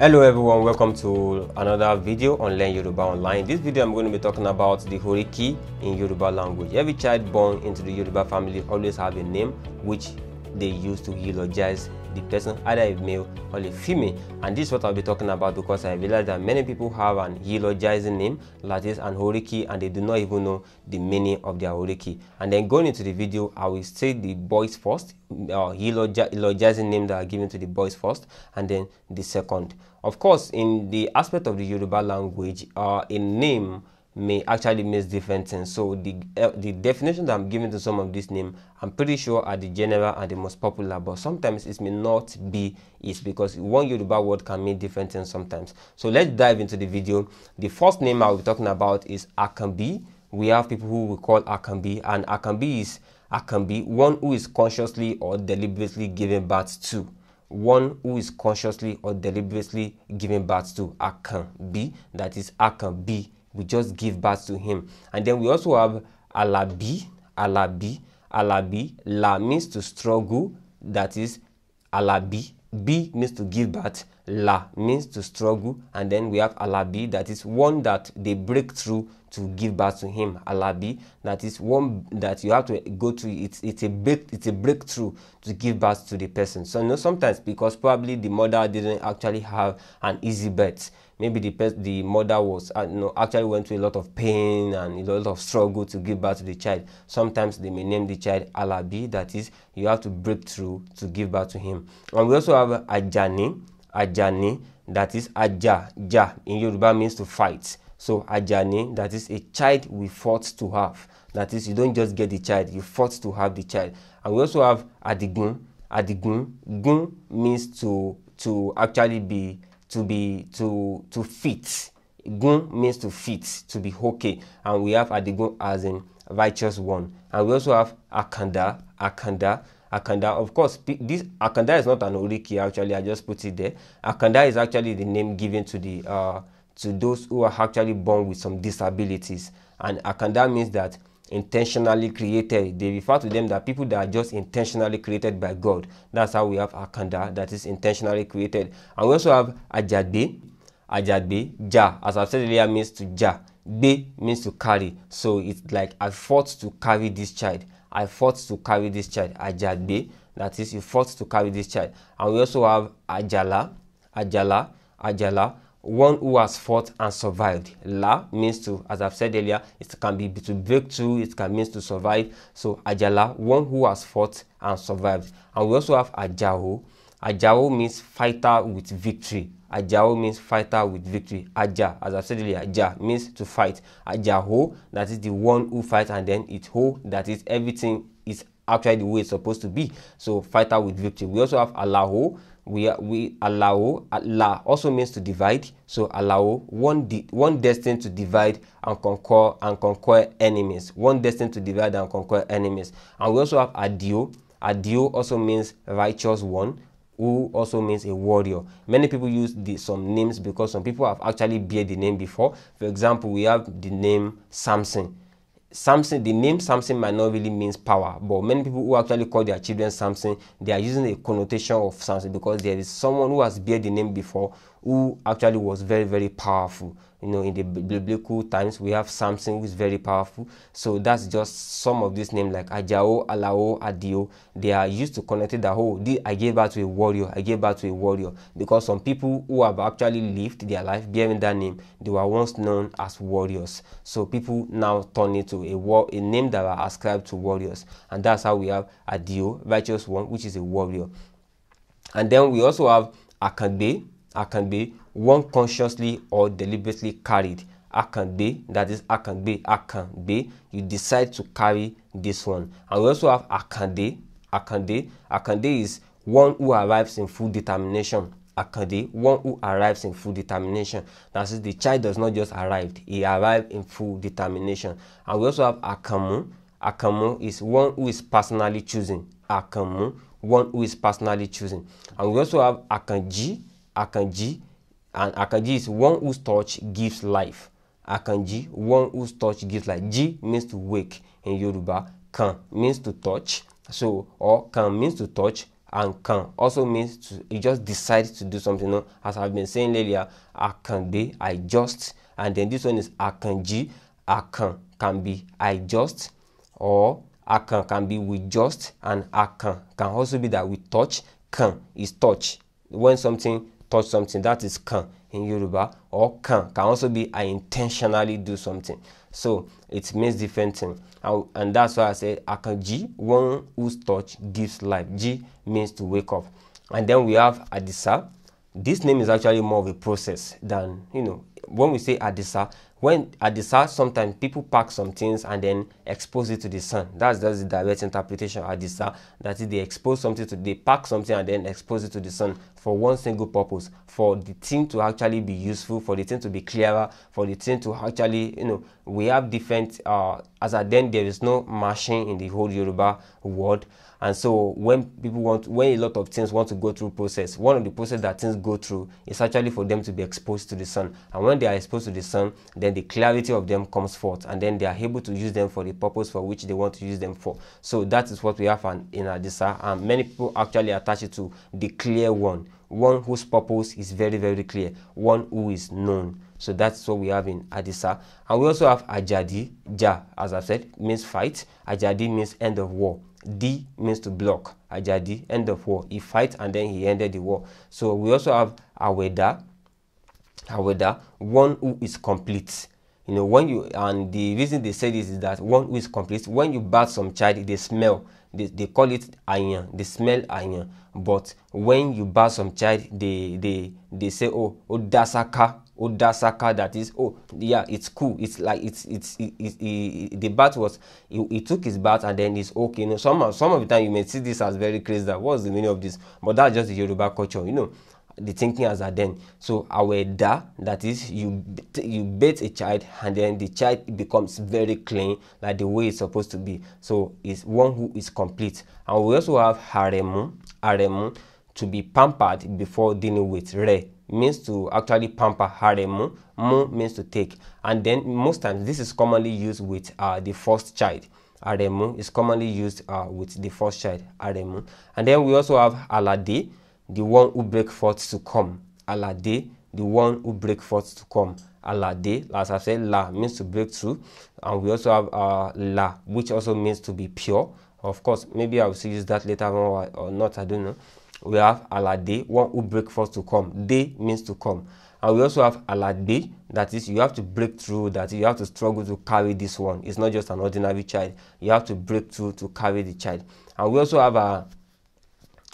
Hello everyone, welcome to another video on Learn Yoruba Online. this video I'm going to be talking about the Horiki in Yoruba language. Every child born into the Yoruba family always have a name which they use to eulogize the person either a male or a female and this is what i'll be talking about because i realize that many people have an eulogizing name this, and horiki and they do not even know the meaning of their horiki and then going into the video i will say the boys first uh, eulogizing name that are given to the boys first and then the second of course in the aspect of the yoruba language uh, a name may actually mean different things. So the uh, the definition that I'm giving to some of these names, I'm pretty sure are the general and the most popular, but sometimes it may not be it because one Yoruba word can mean different things sometimes. So let's dive into the video. The first name I'll be talking about is Akambi. We have people who we call Akambi, and Akambi is Akambi, one who is consciously or deliberately giving birth to one who is consciously or deliberately giving birth to Akambi, that is Akambi we just give birth to him. And then we also have alabi, alabi, alabi. La means to struggle, that is alabi. B means to give birth la means to struggle and then we have alabi that is one that they break through to give birth to him alabi that is one that you have to go to it's it's a break it's a breakthrough to give birth to the person so you know sometimes because probably the mother didn't actually have an easy birth maybe the the mother was uh, you know, actually went through a lot of pain and a lot of struggle to give birth to the child sometimes they may name the child alabi that is you have to break through to give birth to him and we also have ajani Ajani, that is Aja, Ja in Yoruba means to fight. So Ajani, that is a child we fought to have. That is, you don't just get the child, you fought to have the child. And we also have Adigun. Adigun, Gun means to to actually be to be to to fit. Gun means to fit, to be okay. And we have Adigun as in righteous one. And we also have Akanda, Akanda Akanda. Of course, this Akanda is not an Oriki, actually. I just put it there. Akanda is actually the name given to the uh, to those who are actually born with some disabilities. And Akanda means that intentionally created. They refer to them that people that are just intentionally created by God. That's how we have Akanda, that is intentionally created. And we also have Ajadbe. Ajadbe, Ja, as i said earlier, means to Ja. Be means to carry. So it's like I fought to carry this child. I fought to carry this child, Ajadbi, that is, he fought to carry this child. And we also have Ajala, Ajala, Ajala, one who has fought and survived. La means to, as I've said earlier, it can be to break through, it can mean to survive. So Ajala, one who has fought and survived. And we also have Ajahu, Ajao means fighter with victory. Ajao means fighter with victory. Aja, as i said earlier, Aja means to fight. Ajaho, that is the one who fights, and then it ho, that is everything is actually the way it's supposed to be. So fighter with victory. We also have Allaho. We we allow Allah also means to divide. So allow one de, one destined to divide and conquer and conquer enemies. One destined to divide and conquer enemies. And we also have Adio. Adio also means righteous one who also means a warrior. Many people use the, some names because some people have actually bear the name before. For example, we have the name Samson. Samson, the name Samson might not really means power, but many people who actually call their children Samson, they are using a connotation of Samson because there is someone who has bear the name before who actually was very, very powerful. You know, in the biblical times, we have Samson, who is very powerful. So that's just some of these names like Ajao, Alao, Adio. They are used to it. Oh, the whole. I gave birth to a warrior. I gave birth to a warrior. Because some people who have actually lived their life bearing that name, they were once known as warriors. So people now turn it to a, war, a name that are ascribed to warriors. And that's how we have Adio, righteous one, which is a warrior. And then we also have Akande. I can be one consciously or deliberately carried. I can be that is I I can be can be. you decide to carry this one. And we also have I I can can I can Akande is one who arrives in full determination. I can Akande, one who arrives in full determination. That is, the child does not just arrive, he arrived in full determination. And we also have I Akamu. Akamu is one who is personally choosing. Akamu, one who is personally choosing. And we also have Akanji. Akanji, and Akanji is one whose touch gives life. Akanji, one whose touch gives life. Ji means to wake in Yoruba. Kan means to touch. So, or kan means to touch, and kan also means to you just decide to do something. You know, as I've been saying earlier, Akande, be, I just, and then this one is akaji akan can be I just, or akan can be we just, and akan can also be that we touch. Can is touch when something touch something. That is can in Yoruba or can can also be I intentionally do something. So it means different thing. And, and that's why I say akanji, one whose touch gives life. G means to wake up. And then we have Adisa. This name is actually more of a process than, you know, when we say Adisa, when Adisa, sometimes people pack some things and then expose it to the sun. That's that's the direct interpretation of Adisa. That is, they expose something to, they pack something and then expose it to the sun for one single purpose, for the thing to actually be useful, for the thing to be clearer, for the thing to actually, you know, we have different. Uh, as at then, there is no mashing in the whole Yoruba world. And so when people want, when a lot of things want to go through process, one of the process that things go through is actually for them to be exposed to the sun. And when they are exposed to the sun, then the clarity of them comes forth, and then they are able to use them for the purpose for which they want to use them for. So that is what we have in Adisa, and many people actually attach it to the clear one, one whose purpose is very, very clear, one who is known. So that's what we have in Adisa. And we also have Ajadi. Ja, as I've said, means fight. Ajadi means end of war. D means to block. Ajadi, end of war. He fight and then he ended the war. So we also have Aweda. Aweda, one who is complete. You know, when you, and the reason they say this is that one who is complete, when you bat some child, they smell. They, they call it iron. They smell iron. But when you bat some child, they, they, they say, oh, Odasaka. Odasaka that is oh yeah it's cool it's like it's it's it, it, it, the bat was he, he, took his bat and then it's okay you know some some of the time you may see this as very crazy that what's the meaning of this but that's just the Yoruba culture you know the thinking as a then so da that is you you bathe a child and then the child becomes very clean like the way it's supposed to be so it's one who is complete and we also have haremu haremu to be pampered before dealing with re means to actually pamper haremu. mu means to take and then most times this is commonly used with uh, the first child Haremu is commonly used uh, with the first child Haremu, and then we also have alade the one who break forth to come alade the one who break forth to come alade as i said la means to break through and we also have uh, la which also means to be pure of course maybe i will use that later on or not i don't know we have alade, one who breaks first to come. Day means to come. And we also have alade, that is, you have to break through, that you have to struggle to carry this one. It's not just an ordinary child. You have to break through to carry the child. And we also have a,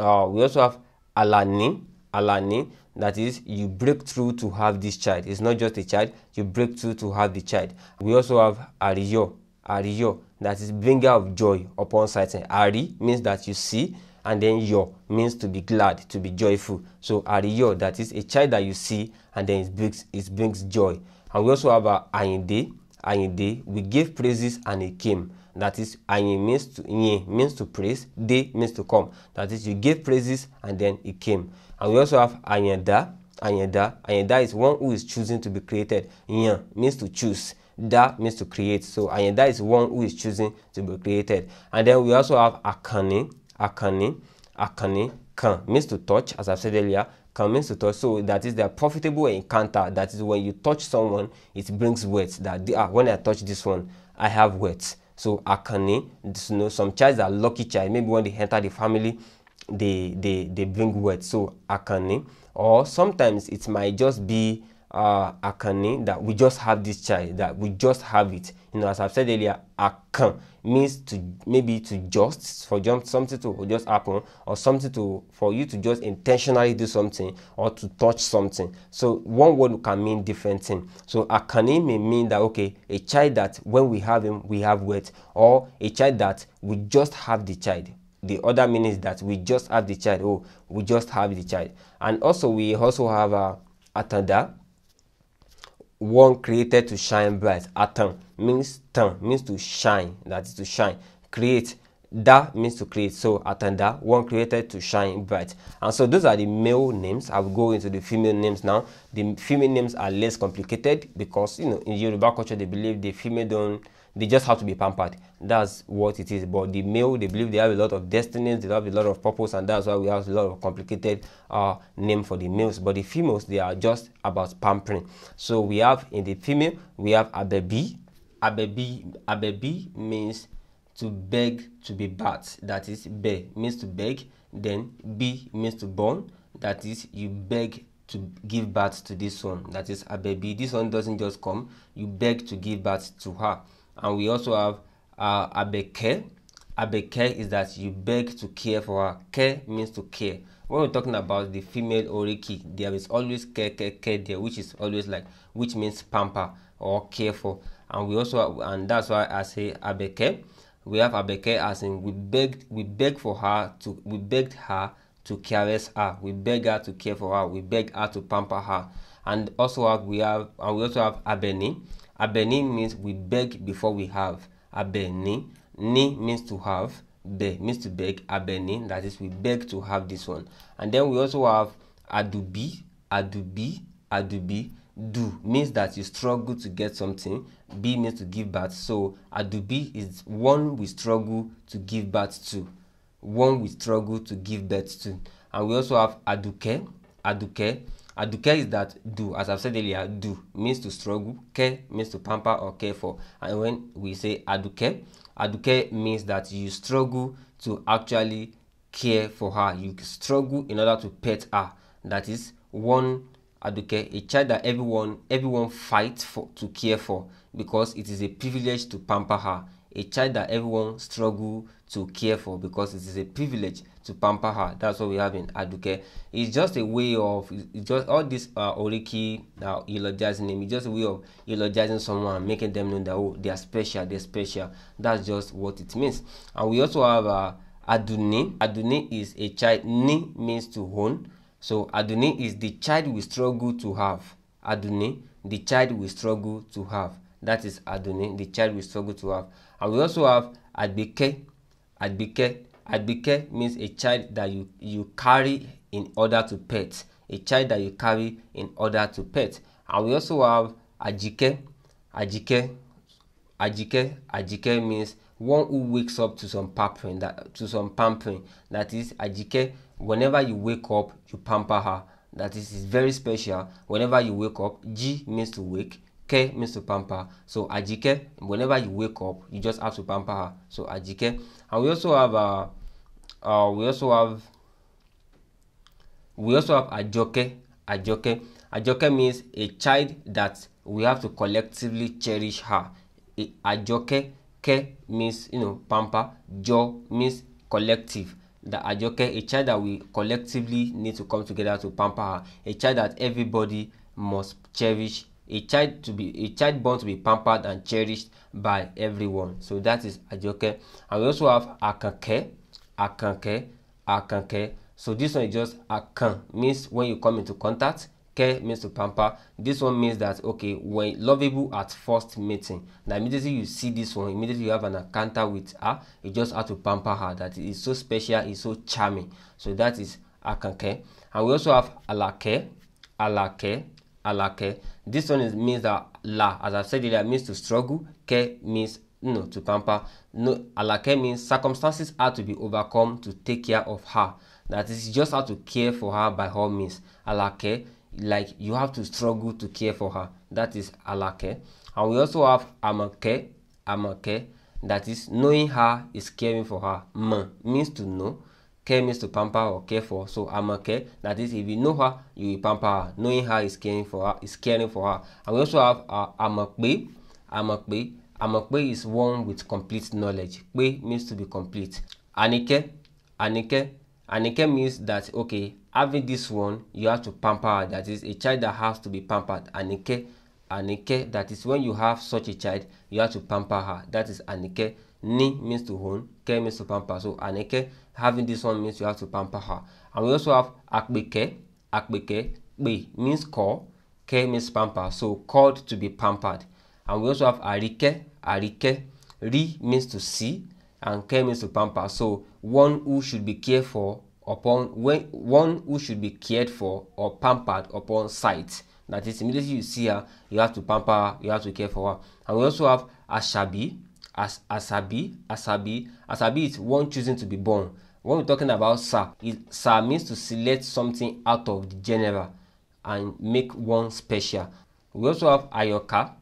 uh, we also have alani, alani, that is you break through to have this child it's not just a child you break through to have the child we also have ariyo ariyo that is bringer of joy upon sighting ari means that you see and then yo means to be glad, to be joyful. So ariyo, that is a child that you see, and then it brings, it brings joy. And we also have a ayinde, ayinde, we give praises and it came. That is, ayin means to, yin means to praise, de means to come. That is, you give praises and then it came. And we also have ayanda, ayanda, ayanda is one who is choosing to be created. Yin means to choose. Da means to create. So ayanda is one who is choosing to be created. And then we also have akane. Akane, Akane, Kan means to touch, as I've said earlier. Kan means to touch. So that is the profitable encounter. That is when you touch someone, it brings wealth. That they, ah, when I touch this one, I have wealth. So Akane, you know, some child are lucky child. Maybe when they enter the family, they they they bring wealth. So Akane, or sometimes it might just be uh, ah, Akane that we just have this child, that we just have it. You know, as I've said earlier, Akan means to maybe to just for something to just happen or something to for you to just intentionally do something or to touch something so one word can mean different thing so akane may mean that okay a child that when we have him we have weight or a child that we just have the child the other meaning is that we just have the child oh we just have the child and also we also have a uh, one created to shine bright. Atan means tan means to shine. That is to shine. Create Da means to create. So Atanda, one created to shine bright. And so those are the male names. I will go into the female names now. The female names are less complicated because you know in Yoruba culture they believe the female don't they just have to be pampered. That's what it is. But the male, they believe they have a lot of destinies, they have a lot of purpose, and that's why we have a lot of complicated uh, name for the males. But the females, they are just about pampering. So we have in the female, we have abebi. Abebi, abebi means to beg to be bat. That is, be means to beg. Then be means to born. That is, you beg to give birth to this one. That is a baby. This one doesn't just come. You beg to give birth to her. and we also have uh, abeke. Abeke is that you beg to care for her. Care means to care. When we're talking about the female oriki, there is always care, care, care there, which is always like, which means pamper or care for. And we also, have, and that's why I say abeke. We have abeke as in we beg, we beg for her to, we begged her to caress her. We beg her to care for her. We beg her to pamper her. And also have, we have, and we also have abeni Abeni means we beg before we have. Abeni. Ni means to have. Be means to beg. Abeni. That is, we beg to have this one. And then we also have adubi. Adubi. Adubi. Do means that you struggle to get something. B means to give birth. So adubi is one we struggle to give birth to. One we struggle to give birth to. And we also have aduke. Aduke Aduke is that do, as I've said earlier, do means to struggle, care means to pamper or care for. And when we say aduke, aduke means that you struggle to actually care for her. You struggle in order to pet her. That is one aduke, a child that everyone everyone fights for to care for because it is a privilege to pamper her. A child that everyone struggle to care for because it is a privilege to pamper her. That's what we have in Aduke. It's just a way of just all this uh, Oriki uh, elogizing him. It's just a way of elogizing someone, making them know that oh, they are special, they're special. That's just what it means. And we also have uh, Aduni. Aduni is a child. Ni means to own. So Aduni is the child we struggle to have. Aduni, the child we struggle to have. That is Aduni, the child we struggle to have. And we also have aduke. Adbike. Adbike means a child that you, you carry in order to pet. A child that you carry in order to pet. And we also have Ajike. Ajike. Ajike. Ajike means one who wakes up to some pampering that to some pampering that is ajike whenever you wake up you pamper her that is is very special whenever you wake up g means to wake k means to pamper so ajike whenever you wake up you just have to pamper her so ajike and we also have uh, uh we also have we also have ajoke ajoke ajoke means a child that we have to collectively cherish her ajoke ke means you know pamper jo means collective that ajoke a child that we collectively need to come together to pamper her a child that everybody must cherish a child to be a child born to be pampered and cherished by everyone so that is Ajoke and we also have Akanke Akanke Akanke so this one is just Akan means when you come into contact Ke means to pamper this one means that okay when lovable at first meeting na immediately you see this one immediately you have an encounter with her you just have to pamper her that is so special is so charming so that is Akanke and we also have Alake Alake alake. This one is, means that la, as i said earlier, means to struggle. Ke means no to pamper. No, alake means circumstances are to be overcome to take care of her. That is just how to care for her by all means. Alake, like you have to struggle to care for her. That is alake. And we also have amake, amake. That is knowing her is caring for her. M means to know. Care means to pamper or care for. So I'm a care. That is, if you know her, you will pamper her. Knowing her is caring for her, is caring for her. And we also have uh, Amakwe. Amakbe. is one with complete knowledge. Kbe means to be complete. Anike. Anike. Anike means that okay, having this one, you have to pamper. Her. That is a child that has to be pampered. Anike anike, that is when you have such a child, you have to pamper her. That is anike. Ni means to hone, ke means to pamper. So anike, having this one means you have to pamper her. And we also have akbeke, akbeke, be means call, ke means pamper. So called to be pampered. And we also have arike, arike, ri means to see, and ke means to pamper. So one who should be cared for upon when one who should be cared for or pampered upon sight. That is, immediately you see her, you have to pamper you have to care for her. And we also have asabi, As Asabi, Asabi. Asabi is one choosing to be born. When we talking about Sa, it, Sa means to select something out of the general and make one special. We also have Ayoka.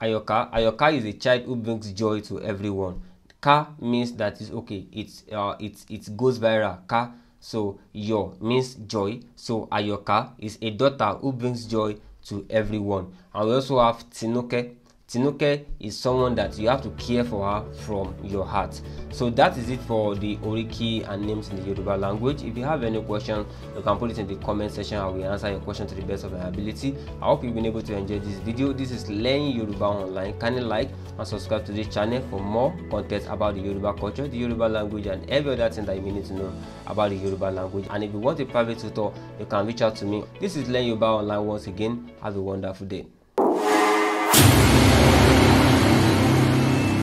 Ayoka. Ayoka is a child who brings joy to everyone. Ka means that is okay. It's uh, it's it goes viral. Ka so yo means joy. So Ayoka is a daughter who brings joy to everyone. And we also have Tinoke Tinuke is someone that you have to care for her from your heart. So that is it for the Oriki and names in the Yoruba language. If you have any question, you can put it in the comment section. I will answer your question to the best of my ability. I hope you've been able to enjoy this video. This is Learning Yoruba Online. Kindly like and subscribe to this channel for more content about the Yoruba culture, the Yoruba language, and every other thing that you need to know about the Yoruba language. And if you want a private tutor, you can reach out to me. This is Learning Yoruba Online once again. Have a wonderful day.